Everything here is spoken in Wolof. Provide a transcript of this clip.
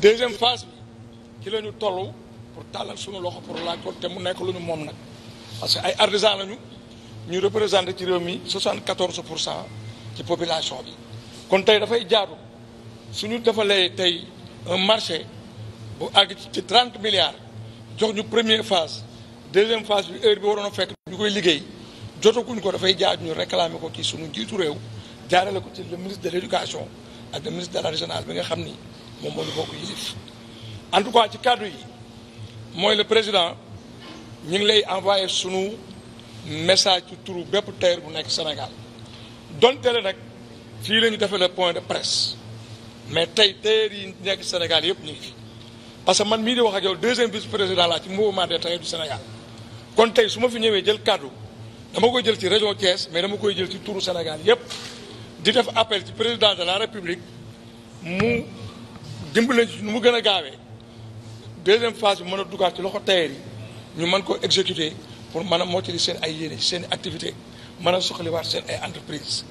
deuxième phase bi ci la ñu toll pour tàllal suñu loxo pour laaj ko te mu nekk lu ñu moom nag parce que ay artisans lañu ñu représenté ci réew mi soixante 74 pour cent ci population bi kon tey dafay jaadu suñu defalee tey un marché bu àgg ci 30 milliards jox ñu première phase deuxième phase bi heure bi waroon a fekk ñu koy liggéey jotakuñ ko dafay jaadu ñu réclamer ko ci suñu jiitu réew jaarale ko ci le ministre de l' éducation ak le la régionale nga xam ni moom moo ñu bokk yilif en tout cas ci kàddu yi mooy le président ñu ngi lay envoyé sunu message ci turu bépp terre bu nekk Sénégal donte la nag fii la ñu defee le point de presse mais tey terre yi nekk Sénégal yëpp ñu ngi parce que man mii di wax ak yow deuxième vice président laa ci mouvement des tailleurs du Sénégal kon tey su ma fi ñëwee jël kàddu dama koy jël ci région Thiès mais dama koy jël ci turu Sénégal yëpp di def appel ci président de la République mu. dimbali ci nu mu gën a gaawee deuxième phase bi mën a dugaat ci loxo tailleur yi ñu mën ko exécuter pour mën a mottali seen ay yéene seen i activité mën a soxaliwaat seen ay entreprise